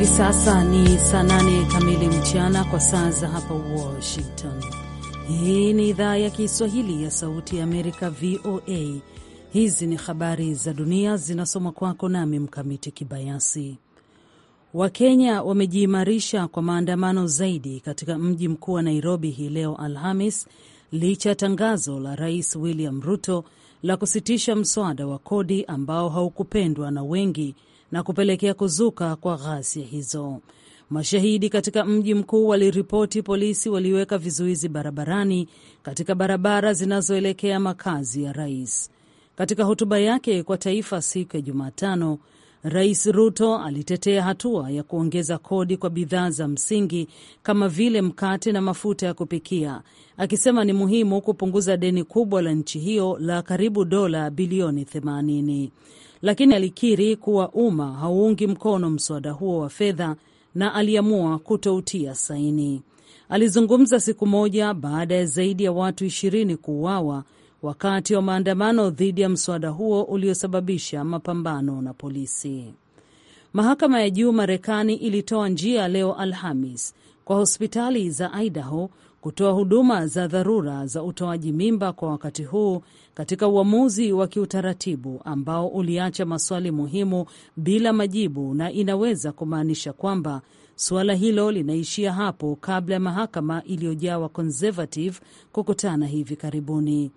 Hivi sasa ni saa nane kamili mchana kwa saa za hapa Washington. Hii ni idhaa ya Kiswahili ya Sauti ya Amerika, VOA. Hizi ni habari za dunia zinasoma kwako nami Mkamiti Kibayasi. Wakenya wamejiimarisha kwa maandamano zaidi katika mji mkuu wa Nairobi hii leo Alhamis, licha ya tangazo la Rais William Ruto la kusitisha mswada wa kodi ambao haukupendwa na wengi na kupelekea kuzuka kwa ghasia hizo. Mashahidi katika mji mkuu waliripoti polisi waliweka vizuizi barabarani katika barabara zinazoelekea makazi ya rais. Katika hotuba yake kwa taifa siku ya Jumatano, Rais Ruto alitetea hatua ya kuongeza kodi kwa bidhaa za msingi kama vile mkate na mafuta ya kupikia, akisema ni muhimu kupunguza deni kubwa la nchi hiyo la karibu dola bilioni lakini alikiri kuwa umma hauungi mkono mswada huo wa fedha na aliamua kutoutia saini. Alizungumza siku moja baada ya zaidi ya watu ishirini kuuawa wakati wa maandamano dhidi ya mswada huo uliosababisha mapambano na polisi. Mahakama ya juu Marekani ilitoa njia leo Alhamis kwa hospitali za Idaho kutoa huduma za dharura za utoaji mimba kwa wakati huu katika uamuzi wa kiutaratibu ambao uliacha maswali muhimu bila majibu na inaweza kumaanisha kwamba suala hilo linaishia hapo kabla ya mahakama iliyojawa conservative kukutana hivi karibuni.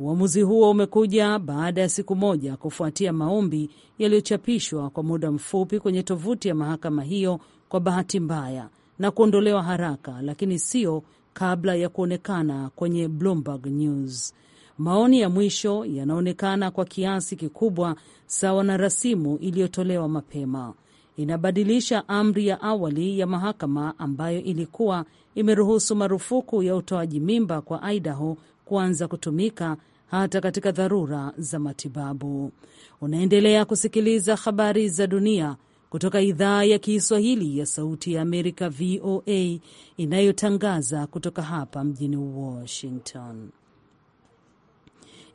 Uamuzi huo umekuja baada ya siku moja kufuatia maombi yaliyochapishwa kwa muda mfupi kwenye tovuti ya mahakama hiyo kwa bahati mbaya na kuondolewa haraka, lakini sio kabla ya kuonekana kwenye Bloomberg News. Maoni ya mwisho yanaonekana kwa kiasi kikubwa sawa na rasimu iliyotolewa mapema. Inabadilisha amri ya awali ya mahakama ambayo ilikuwa imeruhusu marufuku ya utoaji mimba kwa Idaho kuanza kutumika hata katika dharura za matibabu. Unaendelea kusikiliza habari za dunia kutoka idhaa ya Kiswahili ya Sauti ya Amerika, VOA, inayotangaza kutoka hapa mjini Washington.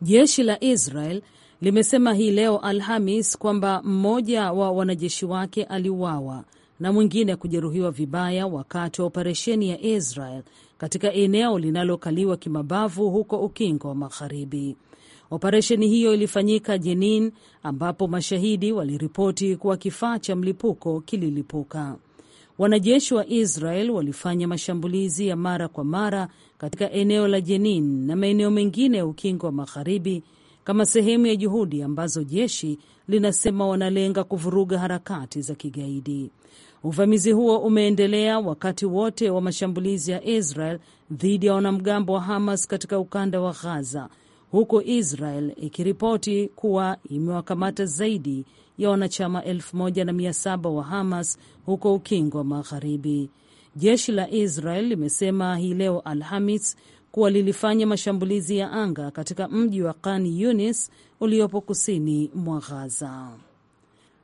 Jeshi la Israel limesema hii leo Alhamis kwamba mmoja wa wanajeshi wake aliuawa na mwingine kujeruhiwa vibaya wakati wa operesheni ya Israel katika eneo linalokaliwa kimabavu huko Ukingo wa Magharibi. Operesheni hiyo ilifanyika Jenin, ambapo mashahidi waliripoti kuwa kifaa cha mlipuko kililipuka. Wanajeshi wa Israel walifanya mashambulizi ya mara kwa mara katika eneo la Jenin na maeneo mengine ya Ukingo wa Magharibi kama sehemu ya juhudi ambazo jeshi linasema wanalenga kuvuruga harakati za kigaidi. Uvamizi huo umeendelea wakati wote wa mashambulizi ya Israel dhidi ya wanamgambo wa Hamas katika ukanda wa Gaza, huku Israel ikiripoti kuwa imewakamata zaidi ya wanachama 1700 wa Hamas huko Ukingo wa Magharibi. Jeshi la Israel limesema hii leo Alhamis kuwa lilifanya mashambulizi ya anga katika mji wa Khan Yunis uliopo kusini mwa Ghaza.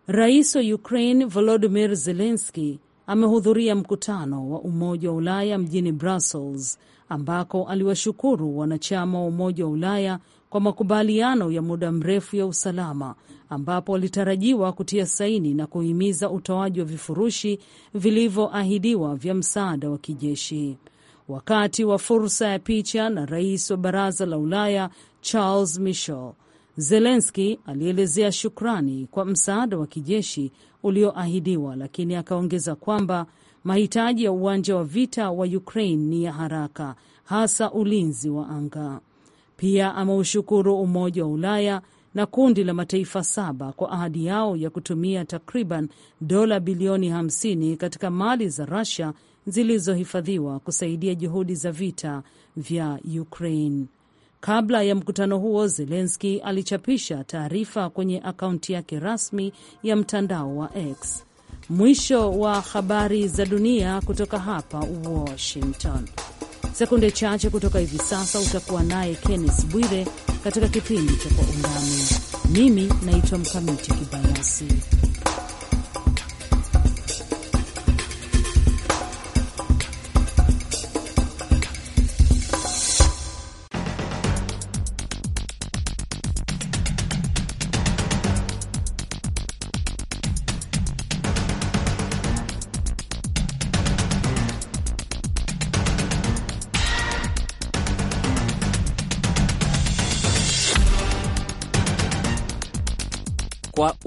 Rais wa Ukraine Volodymyr Zelensky amehudhuria mkutano wa Umoja wa Ulaya mjini Brussels ambako aliwashukuru wanachama wa Umoja wa Ulaya kwa makubaliano ya muda mrefu ya usalama ambapo walitarajiwa kutia saini na kuhimiza utoaji wa vifurushi vilivyoahidiwa vya msaada wa kijeshi. Wakati wa fursa ya picha na rais wa Baraza la Ulaya Charles Michel Zelenski alielezea shukrani kwa msaada wa kijeshi ulioahidiwa, lakini akaongeza kwamba mahitaji ya uwanja wa vita wa Ukraine ni ya haraka, hasa ulinzi wa anga. Pia ameushukuru Umoja wa Ulaya na kundi la mataifa saba kwa ahadi yao ya kutumia takriban dola bilioni 50 katika mali za Russia zilizohifadhiwa kusaidia juhudi za vita vya Ukraine. Kabla ya mkutano huo, Zelenski alichapisha taarifa kwenye akaunti yake rasmi ya mtandao wa X. Mwisho wa habari za dunia kutoka hapa Washington. Sekunde chache kutoka hivi sasa utakuwa naye Kenneth Bwire katika kipindi cha Kwa Undani. Mimi naitwa Mkamiti Kibayasi.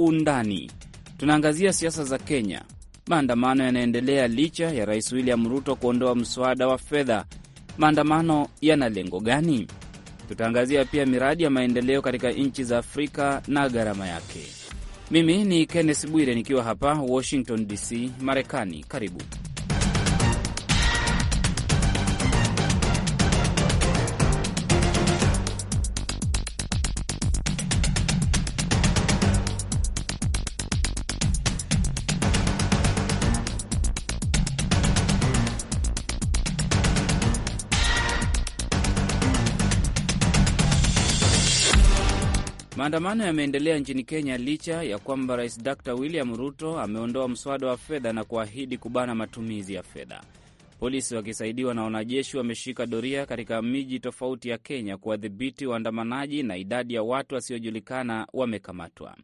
undani. Tunaangazia siasa za Kenya. Maandamano yanaendelea licha ya Rais William Ruto kuondoa mswada wa fedha. Maandamano yana lengo gani? Tutaangazia pia miradi ya maendeleo katika nchi za Afrika na gharama yake. Mimi ni Kenneth Bwire nikiwa hapa Washington DC, Marekani. Karibu. Maandamano yameendelea nchini Kenya licha ya kwamba Rais Dr William Ruto ameondoa mswada wa fedha na kuahidi kubana matumizi ya fedha. Polisi wakisaidiwa na wanajeshi wameshika doria katika miji tofauti ya Kenya kuwadhibiti waandamanaji na idadi ya watu wasiojulikana wamekamatwa.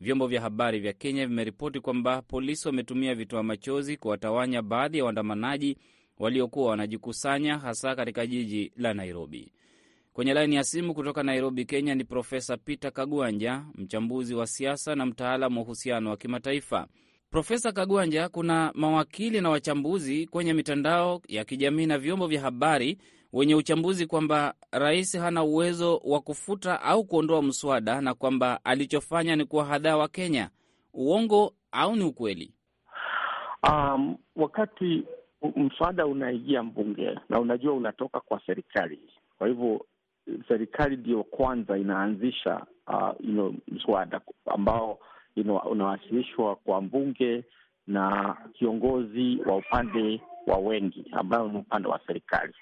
Vyombo vya habari vya Kenya vimeripoti kwamba polisi wametumia vitoa machozi kuwatawanya baadhi ya waandamanaji waliokuwa wanajikusanya hasa katika jiji la Nairobi. Kwenye laini ya simu kutoka Nairobi, Kenya ni Profesa Peter Kagwanja, mchambuzi wa siasa na mtaalamu wa uhusiano wa kimataifa. Profesa Kagwanja, kuna mawakili na wachambuzi kwenye mitandao ya kijamii na vyombo vya habari wenye uchambuzi kwamba rais hana uwezo wa kufuta au kuondoa mswada na kwamba alichofanya ni kuwahadaa kenya Uongo au ni ukweli? Um, wakati mswada unaingia mbunge na unajua unatoka kwa serikali, kwa hivyo serikali ndiyo kwanza inaanzisha uh, ino mswada ambao unawasilishwa kwa mbunge na kiongozi wa upande wa wengi ambayo ni upande wa serikali.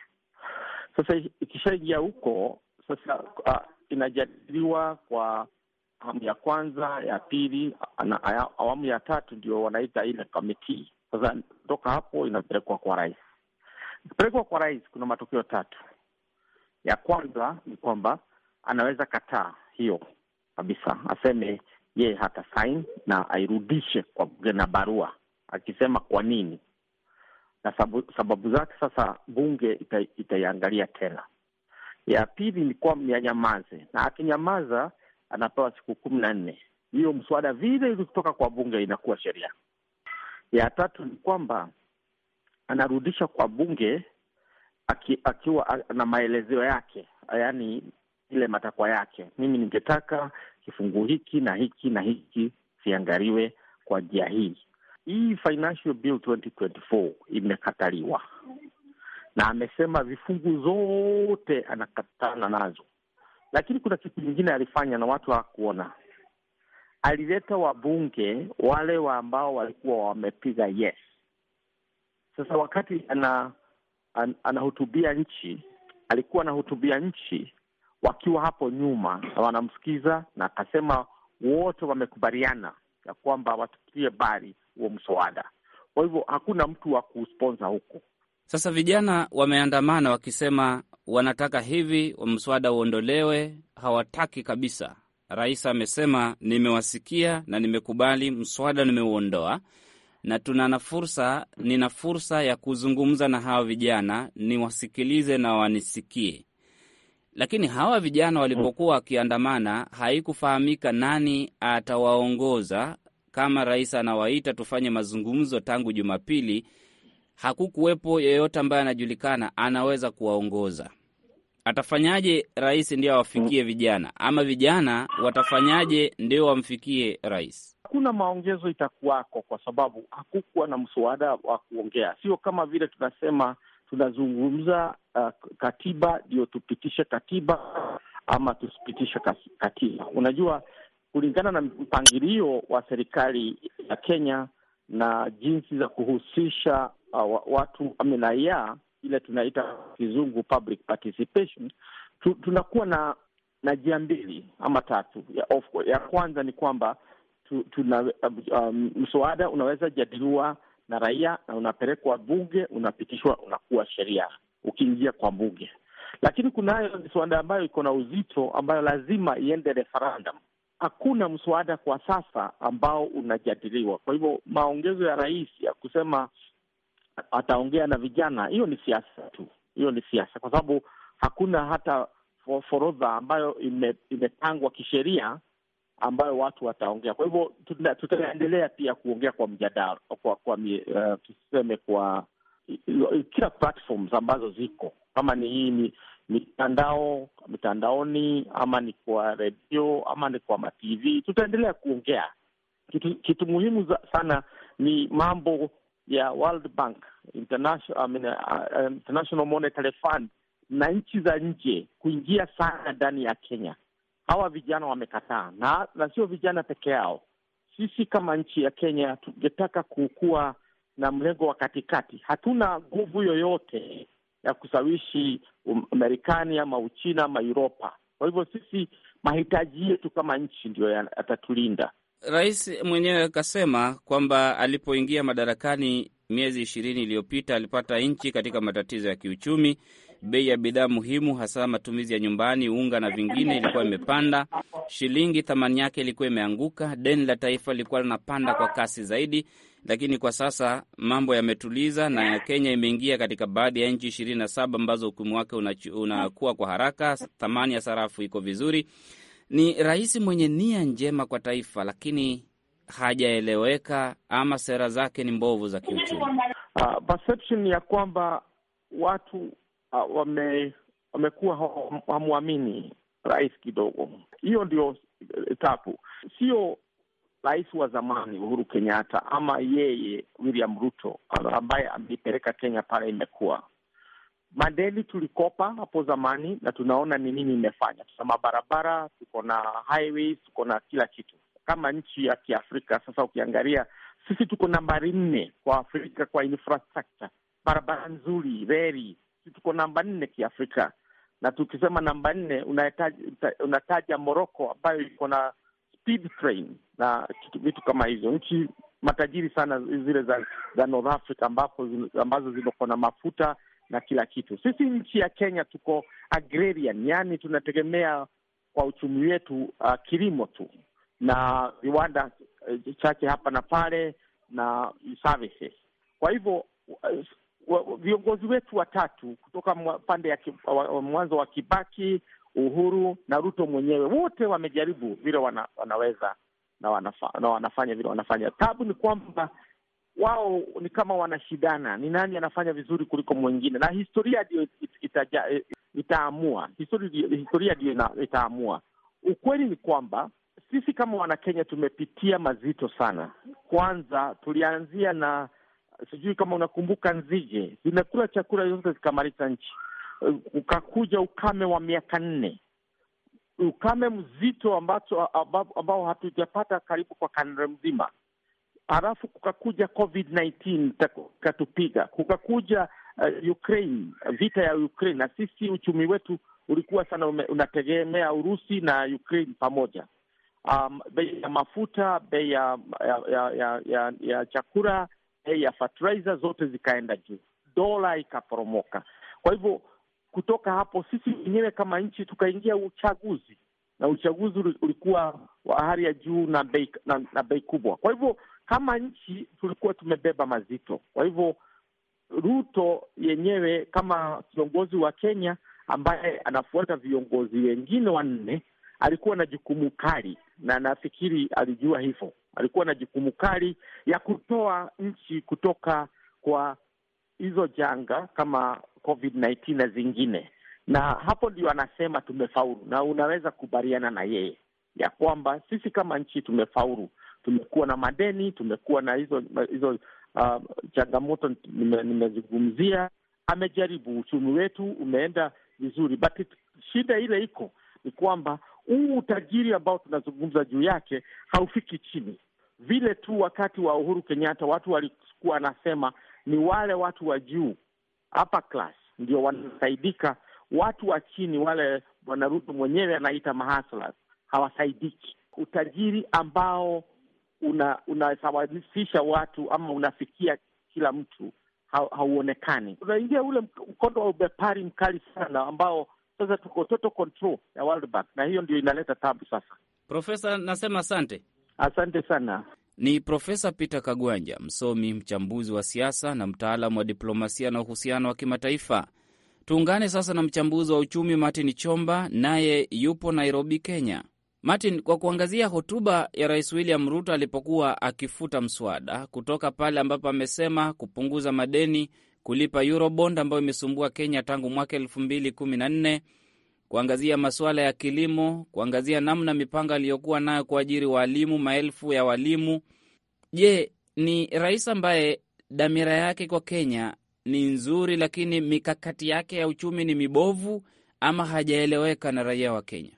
Sasa ikishaingia huko sasa, uh, inajadiliwa kwa awamu ya kwanza, ya pili na awamu ya tatu, ndio wanaita ile kamiti. Sasa kutoka hapo inapelekwa kwa rais. Ikipelekwa kwa rais, kuna matokeo tatu. Ya kwanza ni kwamba anaweza kataa hiyo kabisa, aseme yeye hata sain na airudishe kwa bunge na barua akisema kwa nini, na sababu, sababu zake sasa bunge ita, itaiangalia tena. Ya pili ni kwamba anyamaze, na akinyamaza anapewa siku kumi na nne hiyo mswada vile ilikutoka kwa bunge inakuwa sheria. Ya tatu ni kwamba anarudisha kwa bunge aki, akiwa na maelezeo yake, yaani ile matakwa yake, mimi ningetaka kifungu hiki na hiki na hiki siangaliwe kwa njia hii. Hii Financial Bill 2024 imekataliwa na amesema vifungu zote anakatana nazo, lakini kuna kitu kingine alifanya na watu hawakuona. Alileta wabunge wale wa ambao walikuwa wamepiga yes. Sasa wakati ana an, anahutubia nchi, alikuwa anahutubia nchi wakiwa hapo nyuma wanamsikiza, na akasema wote wamekubaliana ya kwamba watukie bari huo mswada. Kwa hivyo hakuna mtu wa kusponsa huko. Sasa vijana wameandamana wakisema wanataka hivi, mswada uondolewe, hawataki kabisa. Rais amesema nimewasikia na nimekubali, mswada nimeuondoa na tuna na fursa, nina fursa ya kuzungumza na hawa vijana niwasikilize na wanisikie. Lakini hawa vijana walipokuwa wakiandamana, haikufahamika nani atawaongoza. Kama rais anawaita tufanye mazungumzo tangu Jumapili, hakukuwepo yeyote ambaye anajulikana anaweza kuwaongoza. Atafanyaje rais ndio awafikie vijana, ama vijana watafanyaje ndio wamfikie rais? hakuna maongezo itakuwako, kwa sababu hakukuwa na mswada wa kuongea. Sio kama vile tunasema tunazungumza uh, katiba ndio tupitishe katiba ama tusipitishe katiba. Unajua, kulingana na mpangilio wa serikali ya Kenya na jinsi za kuhusisha uh, watu ama ile tunaita kizungu public participation, tunakuwa na na njia mbili ama tatu. Ya, of, ya kwanza ni kwamba tu, tuna, um, um, mswada unaweza jadiliwa na raia na unapelekwa bunge, unapitishwa, unakuwa sheria ukiingia kwa bunge. Lakini kunayo miswada ambayo iko na uzito ambayo lazima iende referendum. Hakuna mswada kwa sasa ambao unajadiliwa. Kwa hivyo maongezo ya rais ya kusema ataongea na vijana, hiyo ni siasa tu, hiyo ni siasa, kwa sababu hakuna hata forodha ambayo imepangwa kisheria ambayo watu wataongea. Kwa hivyo tutaendelea pia kuongea kwa mjadala kwa, kwa uh, tuseme kwa kila platforms ambazo ziko kama ni hii mitandao mitandaoni, ama ni kwa redio ama ni kwa matv, tutaendelea kuongea kitu, kitu muhimu za, sana ni mambo ya World Bank, International, I mean, uh, International Monetary Fund na nchi za nje kuingia sana ndani ya Kenya hawa vijana wamekataa, na na sio vijana peke yao. Sisi kama nchi ya Kenya tungetaka kukuwa na mlengo wa katikati. Hatuna nguvu yoyote ya kusawishi Marekani um, ama Uchina ama Uropa. Kwa hivyo sisi mahitaji yetu kama nchi ndio yatatulinda. Rais mwenyewe akasema kwamba alipoingia madarakani miezi ishirini iliyopita alipata nchi katika matatizo ya kiuchumi, Bei ya bidhaa muhimu, hasa matumizi ya nyumbani, unga na vingine, ilikuwa imepanda. Shilingi thamani yake ilikuwa imeanguka. Deni la taifa lilikuwa linapanda kwa kasi zaidi, lakini kwa sasa mambo yametuliza, na Kenya imeingia katika baadhi ya nchi ishirini na saba ambazo uchumi wake unakuwa kwa haraka. Thamani ya sarafu iko vizuri. Ni rais mwenye nia njema kwa taifa, lakini hajaeleweka ama sera zake ni mbovu za kiuchumi. Uh, perception ya kwamba watu Ah, wame, wamekuwa hamwamini rais kidogo. Hiyo ndio eh, tabu, sio rais wa zamani Uhuru Kenyatta ama yeye William Ruto ambaye ameipeleka Kenya pale imekuwa madeni tulikopa hapo zamani, na tunaona ni nini imefanya. Tuna mabarabara, tuko na highways, tuko na kila kitu kama nchi ya Kiafrika. Sasa ukiangalia sisi tuko nambari nne kwa Afrika kwa infrastructure, barabara nzuri, reli, tuko namba nne kiafrika, na tukisema namba nne unataja, Moroko ambayo iko na speed train na vitu kama hizo, nchi matajiri sana zile za, za North Africa ambapo, ambazo ziko na mafuta na kila kitu. Sisi nchi ya Kenya tuko agrarian, yani tunategemea kwa uchumi wetu uh, kilimo tu na viwanda uh, chache hapa na pale na services. Kwa hivyo uh, viongozi wetu watatu kutoka pande ya mwanzo wa Kibaki, Uhuru na Ruto mwenyewe, wote wamejaribu vile wana, wanaweza na, wanafa, na wanafanya vile wanafanya. Tabu ni kwamba wao ni kama wanashidana ni nani anafanya vizuri kuliko mwingine, na historia ndio itaamua, historia ndio itaamua. Ukweli ni kwamba sisi kama Wanakenya tumepitia mazito sana. Kwanza tulianzia na sijui kama unakumbuka nzige zimekula chakula zote zikamaliza nchi. Eh, ukakuja ukame wa miaka nne, ukame mzito ambao hatujapata karibu kwa kanda mzima. Halafu kukakuja Covid 19 ikatupiga, kukakuja uh, Ukraine, vita ya Ukraine, na sisi uchumi wetu ulikuwa sana ume, unategemea Urusi na Ukraine pamoja. Um, bei ya mafuta, bei ya, ya, ya, ya, ya, ya chakula bei ya fertilizer zote zikaenda juu, dola ikaporomoka. Kwa hivyo kutoka hapo sisi wenyewe kama nchi tukaingia uchaguzi, na uchaguzi ulikuwa wa hali ya juu na bei na, na bei kubwa. Kwa hivyo kama nchi tulikuwa tumebeba mazito. Kwa hivyo Ruto yenyewe kama kiongozi wa Kenya ambaye anafuata viongozi wengine wanne alikuwa na jukumu kali, na nafikiri alijua hivyo alikuwa na jukumu kali ya kutoa nchi kutoka kwa hizo janga kama COVID-19 na zingine, na hapo ndio anasema tumefaulu, na unaweza kubaliana na yeye ya kwamba sisi kama nchi tumefaulu. Tumekuwa na madeni, tumekuwa na hizo hizo uh, changamoto nimezungumzia, nime amejaribu, uchumi wetu umeenda vizuri, but shida ile iko ni kwamba huu utajiri ambao tunazungumza juu yake haufiki chini, vile tu wakati wa Uhuru Kenyatta watu walikuwa wanasema ni wale watu wa juu upper class ndio wanasaidika, watu wa chini wale, Bwana Ruto mwenyewe anaita mahaslas, hawasaidiki. Utajiri ambao unasawazisha una watu ama unafikia kila mtu ha, hauonekani. Unaingia ule mkondo wa ubepari mkali sana ambao sasa tuko total control ya World Bank, na hiyo ndio inaleta tabu sasa. Profesa, nasema asante. Asante sana. Ni Profesa Peter Kagwanja, msomi mchambuzi wa siasa na mtaalamu wa diplomasia na uhusiano wa kimataifa. Tuungane sasa na mchambuzi wa uchumi Martin Chomba, naye yupo Nairobi, Kenya. Martin, kwa kuangazia hotuba ya Rais William Ruto alipokuwa akifuta mswada kutoka pale ambapo amesema kupunguza madeni, kulipa Eurobond ambayo imesumbua Kenya tangu mwaka elfu mbili kumi na nne kuangazia masuala ya kilimo, kuangazia namna mipango aliyokuwa nayo kuajiri waalimu maelfu ya walimu. Je, ni rais ambaye dhamira yake kwa Kenya ni nzuri, lakini mikakati yake ya uchumi ni mibovu ama hajaeleweka na raia wa Kenya?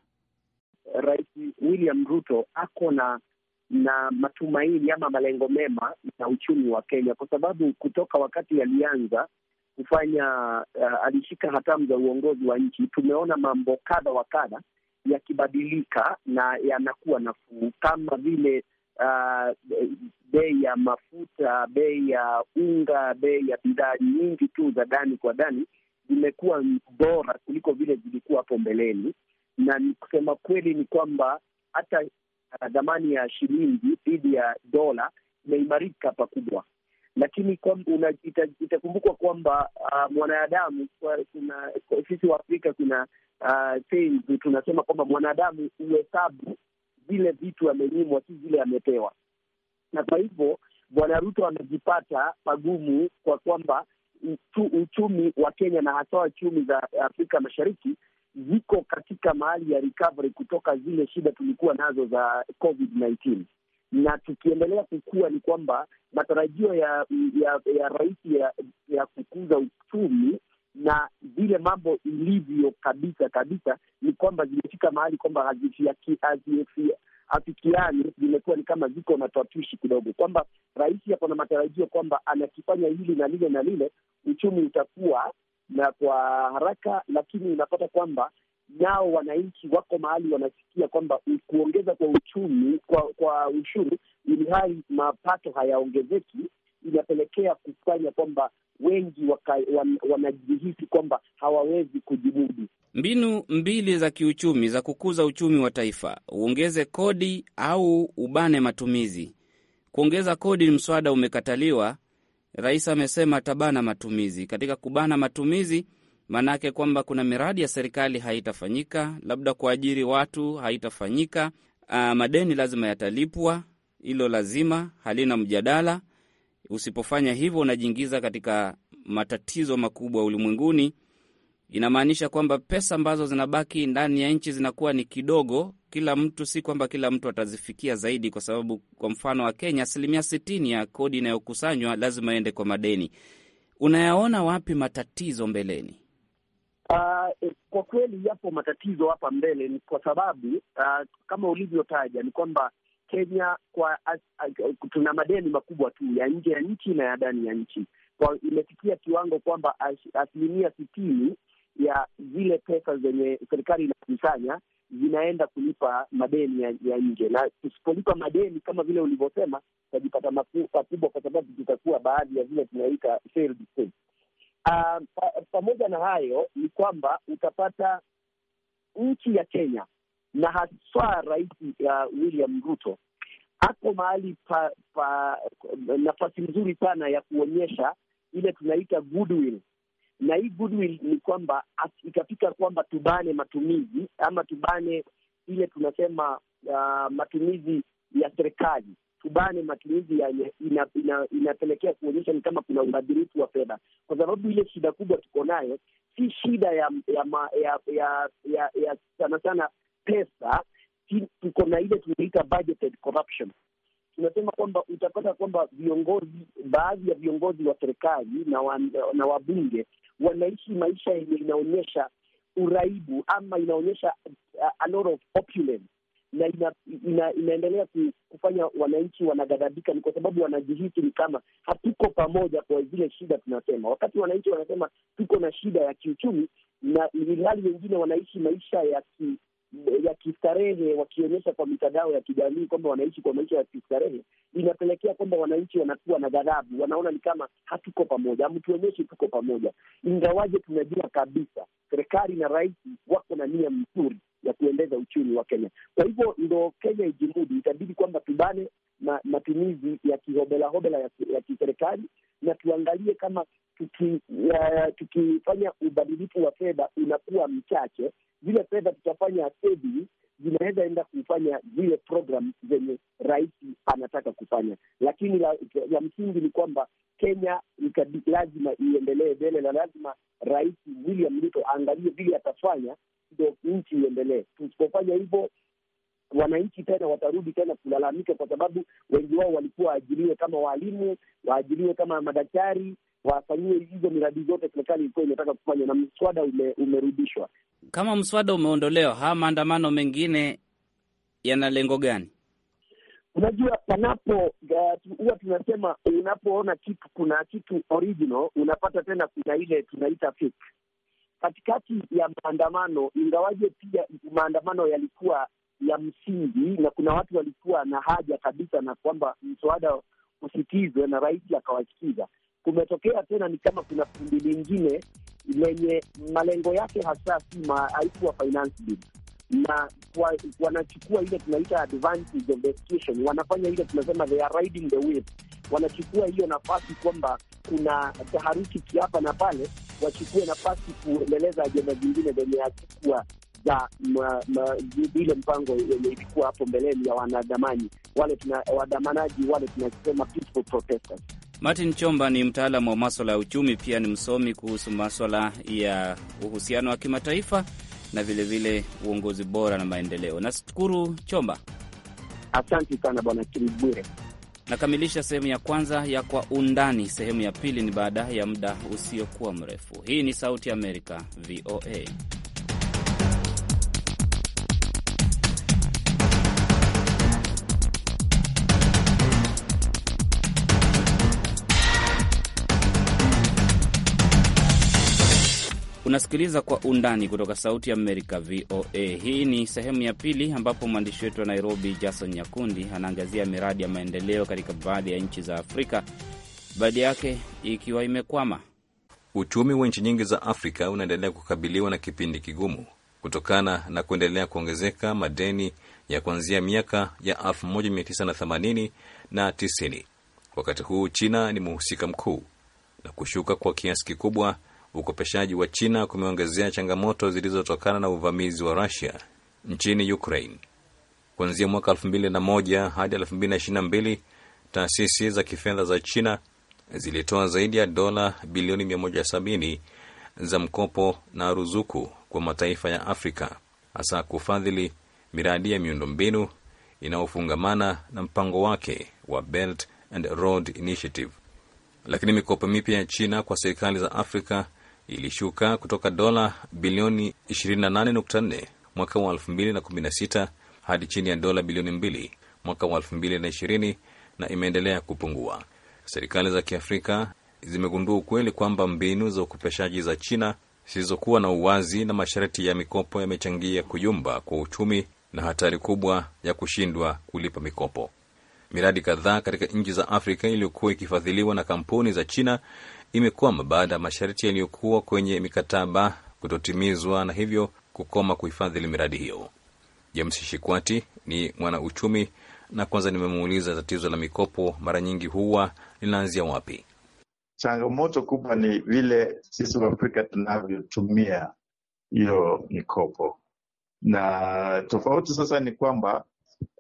Rais William Ruto ako na na matumaini ama malengo mema na uchumi wa Kenya, kwa sababu kutoka wakati alianza kufanya uh, alishika hatamu za uongozi wa nchi, tumeona mambo kadha wa kadha yakibadilika na yanakuwa nafuu, kama vile uh, bei ya mafuta, bei ya unga, bei ya bidhaa nyingi tu za ndani kwa ndani zimekuwa bora kuliko vile zilikuwa hapo mbeleni, na ni kusema kweli ni kwamba hata dhamani ah, ya shilingi dhidi ya dola imeimarika pakubwa lakini itakumbukwa kwamba uh, mwanadamu kuna sisi afrika kuna uh, tunasema kwamba mwanadamu huhesabu vile vitu amenyimwa, si vile amepewa, na kwa hivyo Bwana Ruto amejipata magumu kwa kwamba uchumi wa Kenya na hasa uchumi za Afrika Mashariki ziko katika mahali ya recovery kutoka zile shida tulikuwa nazo za COVID-19 na tukiendelea kukua ni kwamba matarajio ya ya, ya rais ya, ya kukuza uchumi na vile mambo ilivyo kabisa kabisa ni kwamba zimefika mahali kwamba hazifikiani, zimekuwa ni kama ziko na tatwishi kidogo, kwamba rais yako na matarajio kwamba anakifanya hili na lile na lile, uchumi utakuwa na kwa haraka, lakini unapata kwamba nao wananchi wako mahali wanasikia kwamba kuongeza kwa uchumi kwa, kwa ushuru ili hali mapato hayaongezeki inapelekea kufanya kwamba wengi wanajihisi kwamba hawawezi kujimudu. Mbinu mbili za kiuchumi za kukuza uchumi wa taifa: uongeze kodi au ubane matumizi. Kuongeza kodi, mswada umekataliwa. Rais amesema atabana matumizi. Katika kubana matumizi maanake kwamba kuna miradi ya serikali haitafanyika, labda kuajiri watu haitafanyika. Uh, madeni lazima yatalipwa, hilo lazima, halina mjadala. Usipofanya hivyo, unajiingiza katika matatizo makubwa ulimwenguni. Inamaanisha kwamba pesa ambazo zinabaki ndani ya nchi zinakuwa ni kidogo. Kila mtu, si kwamba kila mtu atazifikia zaidi, kwa sababu kwa mfano wa Kenya, asilimia sitini ya kodi inayokusanywa lazima iende kwa madeni. Unayaona wapi matatizo mbeleni? Uh, kwa kweli yapo matatizo hapa mbele, ni kwa sababu uh, kama ulivyotaja ni kwamba Kenya kwa uh, tuna madeni makubwa tu ya nje ya nchi na ya ndani ya nchi, kwa imefikia kiwango kwamba asilimia sitini ya zile pesa zenye serikali inakusanya zinaenda kulipa madeni ya, ya nje, na tusipolipa madeni kama vile ulivyosema, tutajipata makubwa, kwa sababu tutakuwa baadhi ya vile tunaita failed state Ah, pamoja na hayo ni kwamba utapata nchi ya Kenya na haswa Rais uh, William Ruto ako mahali pa, pa nafasi nzuri sana ya kuonyesha ile tunaita goodwill, na hii goodwill ni kwamba ikafika kwamba tubane matumizi ama tubane ile tunasema uh, matumizi ya serikali tubane matumizi yenye inapelekea ina, ina kuonyesha ni kama kuna ubadhirifu wa fedha, kwa sababu ile shida kubwa tuko nayo si shida ya ya, ya, ya, ya, ya sana sana pesa. Tuko na ile tunaita budgeted corruption. Tunasema kwamba utapata kwamba viongozi, baadhi ya viongozi wa serikali na, wa, na wabunge wanaishi maisha yenye inaonyesha uraibu ama inaonyesha a, a lot of opulence na ina, ina, inaendelea kufanya wananchi wanaghadhabika, ni kwa sababu wanajihisi ni kama hatuko pamoja kwa zile shida tunasema. Wakati wananchi wanasema tuko na shida ya kiuchumi, na ilhali wengine wanaishi maisha ya ki, ya kistarehe wakionyesha kwa mitandao ya kijamii kwamba wanaishi kwa maisha ya kistarehe, inapelekea kwamba wananchi wanakuwa na ghadhabu, wanaona ni kama hatuko pamoja, hamtuonyeshi tuko pamoja, ingawaje tunajua kabisa serikali na rais wako na nia mzuri ya kuendeza uchumi wa Kenya. Kwa hivyo ndo Kenya ijimudu, itabidi kwamba tubane na matumizi ya kihobelahobela ya, ya kiserikali na tuangalie kama tuki, uh, tukifanya ubadilifu wa fedha unakuwa mchache, zile fedha tutafanya sedi zinaweza enda kufanya zile program zenye rais anataka kufanya, lakini la, la msingi ni kwamba Kenya ikadi, lazima iendelee mbele na lazima Rais William Ruto aangalie vile atafanya ndio nchi iendelee. Tusipofanya hivyo, wananchi tena watarudi tena kulalamika, kwa sababu wengi wao walikuwa waajiriwe kama waalimu, waajiriwe kama madaktari, wafanyiwe hizo miradi zote serikali ilikuwa imetaka kufanya, na mswada ume, umerudishwa. Kama mswada umeondolewa, haya maandamano mengine yana lengo gani? Unajua, panapo uh, huwa uh, tunasema unapoona kitu kuna kitu original unapata tena, kuna ile tunaita fake katikati ya maandamano, ingawaje pia maandamano yalikuwa ya msingi na kuna watu walikuwa na haja kabisa na kwamba mswada usikizwe na rais akawasikiza, kumetokea tena ni kama kuna kundi lingine lenye malengo yake hasa si haikuwa finance bill na wanachukua ile tunaita advantage of the situation, wanafanya ile tunasema they are riding the wave, wanachukua hiyo nafasi kwamba kuna taharuki kiapa na pale, wachukue nafasi kuendeleza ajenda zingine zenye hazikuwa za ile mpango yenye ilikuwa hapo mbeleni ya wanadamani wale tuna, wadamanaji wale tunasema peaceful protesters. Martin Chomba ni mtaalamu wa maswala ya uchumi, pia ni msomi kuhusu maswala ya uhusiano wa kimataifa na vilevile vile uongozi bora na maendeleo. Nashukuru Chomba, asante sana bwana Kilibwire. Nakamilisha sehemu ya kwanza ya Kwa Undani. Sehemu ya pili ni baada ya muda usiokuwa mrefu. Hii ni Sauti ya Amerika, VOA. Unasikiliza Kwa Undani kutoka Sauti Amerika, VOA. Hii ni sehemu ya pili, ambapo mwandishi wetu wa Nairobi, Jason Nyakundi, anaangazia miradi ya maendeleo katika baadhi ya nchi za Afrika, baadhi yake ikiwa imekwama. Uchumi wa nchi nyingi za Afrika unaendelea kukabiliwa na kipindi kigumu kutokana na kuendelea kuongezeka madeni ya kuanzia miaka ya 1980 na 90. Wakati huu China ni mhusika mkuu na kushuka kwa kiasi kikubwa ukopeshaji wa China kumeongezea changamoto zilizotokana na uvamizi wa Rusia nchini Ukraine. Kuanzia mwaka 2001 hadi 2022, taasisi za kifedha za China zilitoa zaidi ya dola bilioni 170 za mkopo na ruzuku kwa mataifa ya Afrika, hasa kufadhili miradi ya miundombinu inayofungamana na mpango wake wa Belt and Road Initiative. Lakini mikopo mipya ya China kwa serikali za Afrika ilishuka kutoka dola bilioni 28.4 mwaka wa 2016 hadi chini ya dola bilioni 2 mwaka wa 2020 na imeendelea kupungua. Serikali za Kiafrika zimegundua ukweli kwamba mbinu za ukopeshaji za China zisizokuwa na uwazi na masharti ya mikopo yamechangia kuyumba kwa uchumi na hatari kubwa ya kushindwa kulipa mikopo. Miradi kadhaa katika nchi za Afrika iliyokuwa ikifadhiliwa na kampuni za China imekwama baada ya masharti yaliyokuwa kwenye mikataba kutotimizwa na hivyo kukoma kuhifadhili miradi hiyo. James Shikwati ni mwanauchumi na kwanza nimemuuliza tatizo la mikopo mara nyingi huwa linaanzia wapi? Changamoto kubwa ni vile sisi Waafrika tunavyotumia hiyo mikopo, na tofauti sasa ni kwamba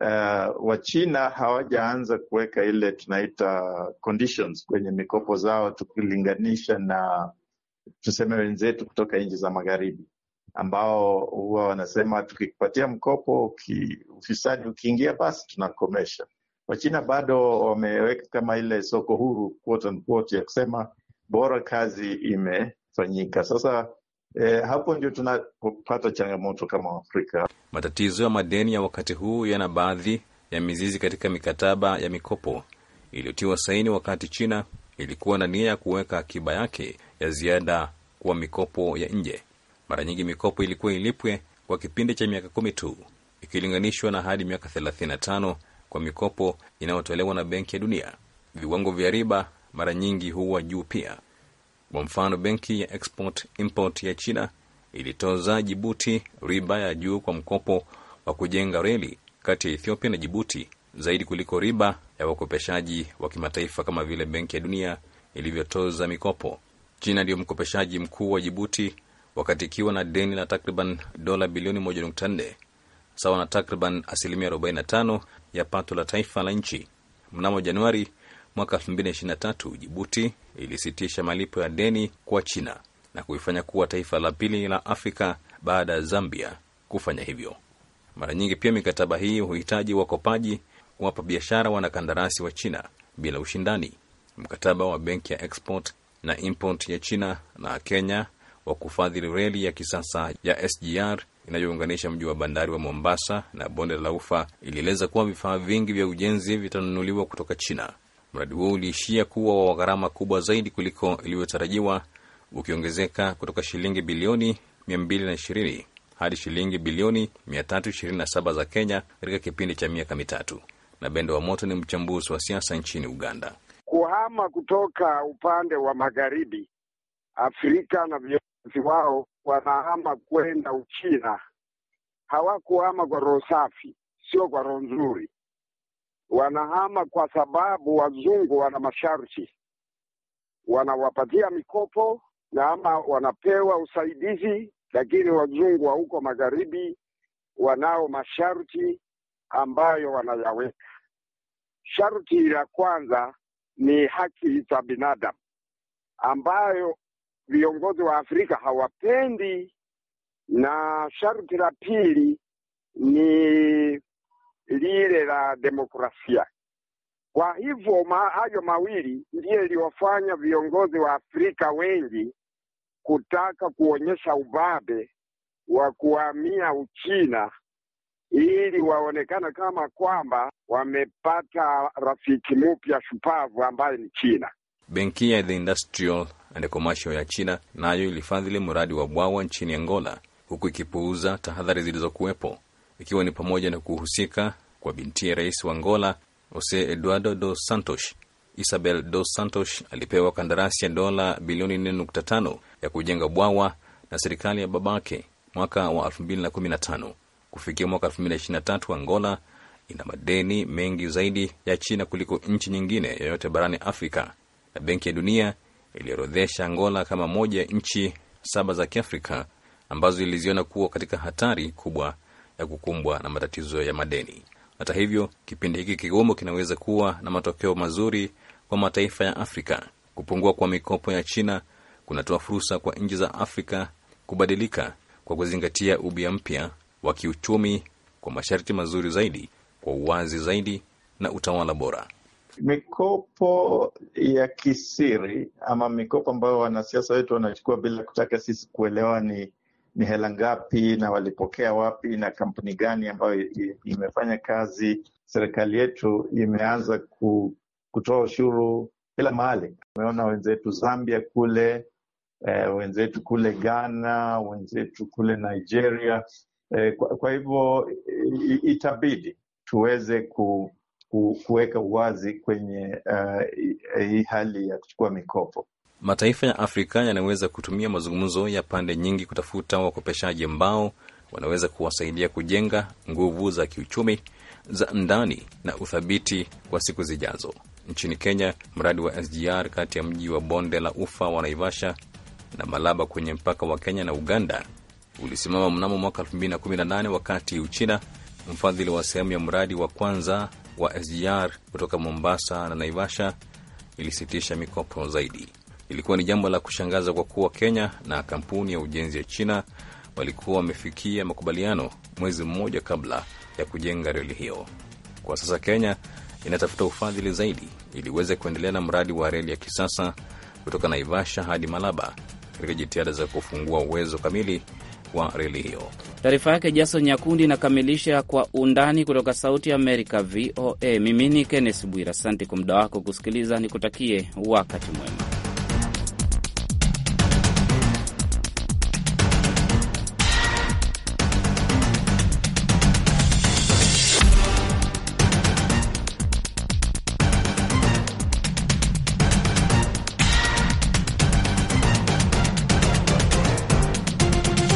uh, Wachina hawajaanza kuweka ile tunaita conditions kwenye mikopo zao, tukilinganisha na tuseme wenzetu kutoka nchi za magharibi ambao huwa wanasema tukikupatia mkopo ki, ufisadi ukiingia basi tunakomesha. Wachina bado wameweka kama ile soko huru quote unquote, ya kusema bora kazi imefanyika. Sasa E, hapo ndio tunapopata changamoto kama Afrika. Matatizo ya madeni ya wakati huu yana baadhi ya mizizi katika mikataba ya mikopo iliyotiwa saini wakati China ilikuwa na nia ya kuweka akiba yake ya ziada kuwa mikopo ya nje. Mara nyingi mikopo ilikuwa ilipwe kwa kipindi cha miaka kumi tu ikilinganishwa na hadi miaka 35 kwa mikopo inayotolewa na Benki ya Dunia. Viwango vya riba mara nyingi huwa juu pia. Kwa mfano, benki ya Export Import ya China ilitoza Jibuti riba ya juu kwa mkopo wa kujenga reli kati ya Ethiopia na Jibuti zaidi kuliko riba ya wakopeshaji wa kimataifa kama vile Benki ya Dunia ilivyotoza mikopo. China ndiyo mkopeshaji mkuu wa Jibuti wakati ikiwa na deni la takriban dola bilioni 1.4 sawa na takriban asilimia 45 ya pato la taifa la nchi. Mnamo Januari Mwaka 2023 Jibuti ilisitisha malipo ya deni kwa China na kuifanya kuwa taifa la pili la Afrika baada ya Zambia kufanya hivyo. Mara nyingi pia mikataba hii huhitaji wakopaji kuwapa biashara wanakandarasi wa China bila ushindani. Mkataba wa benki ya Export na Import ya China na Kenya wa kufadhili reli ya kisasa ya SGR inayounganisha mji wa bandari wa Mombasa na bonde la Ufa ilieleza kuwa vifaa vingi vya ujenzi vitanunuliwa kutoka China. Mradi huo uliishia kuwa wa gharama kubwa zaidi kuliko ilivyotarajiwa, ukiongezeka kutoka shilingi bilioni 220 hadi shilingi bilioni 327 za Kenya katika kipindi cha miaka mitatu. Na Bendo wa Moto ni mchambuzi wa siasa nchini Uganda. Kuhama kutoka upande wa magharibi Afrika na viongozi wao wanahama kwenda Uchina, hawakuhama kwa roho safi, sio kwa roho nzuri wanahama kwa sababu wazungu wana masharti, wanawapatia mikopo na ama wanapewa usaidizi, lakini wazungu wa huko magharibi wanao masharti ambayo wanayaweka. Sharti la kwanza ni haki za binadamu ambayo viongozi wa Afrika hawapendi, na sharti la pili ni lile la demokrasia. Kwa hivyo ma, hayo mawili ndiyo iliwafanya viongozi wa Afrika wengi kutaka kuonyesha ubabe wa kuhamia Uchina ili waonekana kama kwamba wamepata rafiki mpya shupavu ambaye ni China. Benki ya The Industrial and Commercial ya China nayo ilifadhili mradi wa bwawa nchini Angola, huku ikipuuza tahadhari zilizokuwepo ikiwa ni pamoja na kuhusika kwa bintia rais wa Angola Jose Eduardo dos Santos. Isabel dos Santos alipewa kandarasi ya dola bilioni 4.5 ya kujenga bwawa na serikali ya babake mwaka wa 2015. Kufikia mwaka 2023, Angola ina madeni mengi zaidi ya China kuliko nchi nyingine yoyote barani Afrika, na Benki ya Dunia iliorodhesha Angola kama moja ya nchi saba za Kiafrika ambazo iliziona kuwa katika hatari kubwa ya kukumbwa na matatizo ya madeni. Hata hivyo, kipindi hiki kigumu kinaweza kuwa na matokeo mazuri kwa mataifa ya Afrika. Kupungua kwa mikopo ya China kunatoa fursa kwa nchi za Afrika kubadilika kwa kuzingatia ubia mpya wa kiuchumi kwa masharti mazuri zaidi, kwa uwazi zaidi na utawala bora. Mikopo ya kisiri ama mikopo ambayo wanasiasa wetu wanachukua bila kutaka sisi kuelewa ni ni hela ngapi na walipokea wapi na kampuni gani ambayo imefanya kazi. Serikali yetu imeanza kutoa ushuru kila mahali. Tumeona wenzetu Zambia kule, eh, wenzetu kule Ghana, wenzetu kule Nigeria. Eh, kwa, kwa hivyo itabidi tuweze ku, ku, kuweka uwazi kwenye uh, eh, hii hali ya kuchukua mikopo. Mataifa ya Afrika yanaweza kutumia mazungumzo ya pande nyingi kutafuta wakopeshaji ambao wanaweza kuwasaidia kujenga nguvu za kiuchumi za ndani na uthabiti kwa siku zijazo. Nchini Kenya, mradi wa SGR kati ya mji wa bonde la ufa wa Naivasha na Malaba kwenye mpaka wa Kenya na Uganda ulisimama mnamo mwaka 2018 wakati Uchina, mfadhili wa sehemu ya mradi wa kwanza wa SGR kutoka Mombasa na Naivasha, ilisitisha mikopo zaidi. Ilikuwa ni jambo la kushangaza kwa kuwa Kenya na kampuni ya ujenzi ya China walikuwa wamefikia makubaliano mwezi mmoja kabla ya kujenga reli hiyo. Kwa sasa Kenya inatafuta ufadhili zaidi ili iweze kuendelea na mradi wa reli ya kisasa kutoka Naivasha hadi Malaba katika jitihada za kufungua uwezo kamili wa reli hiyo. Taarifa yake Jason Nyakundi inakamilisha Kwa Undani kutoka Sauti Amerika, VOA. Mimi ni Kennes Bwira, asante kwa muda wako kusikiliza, nikutakie wakati mwema.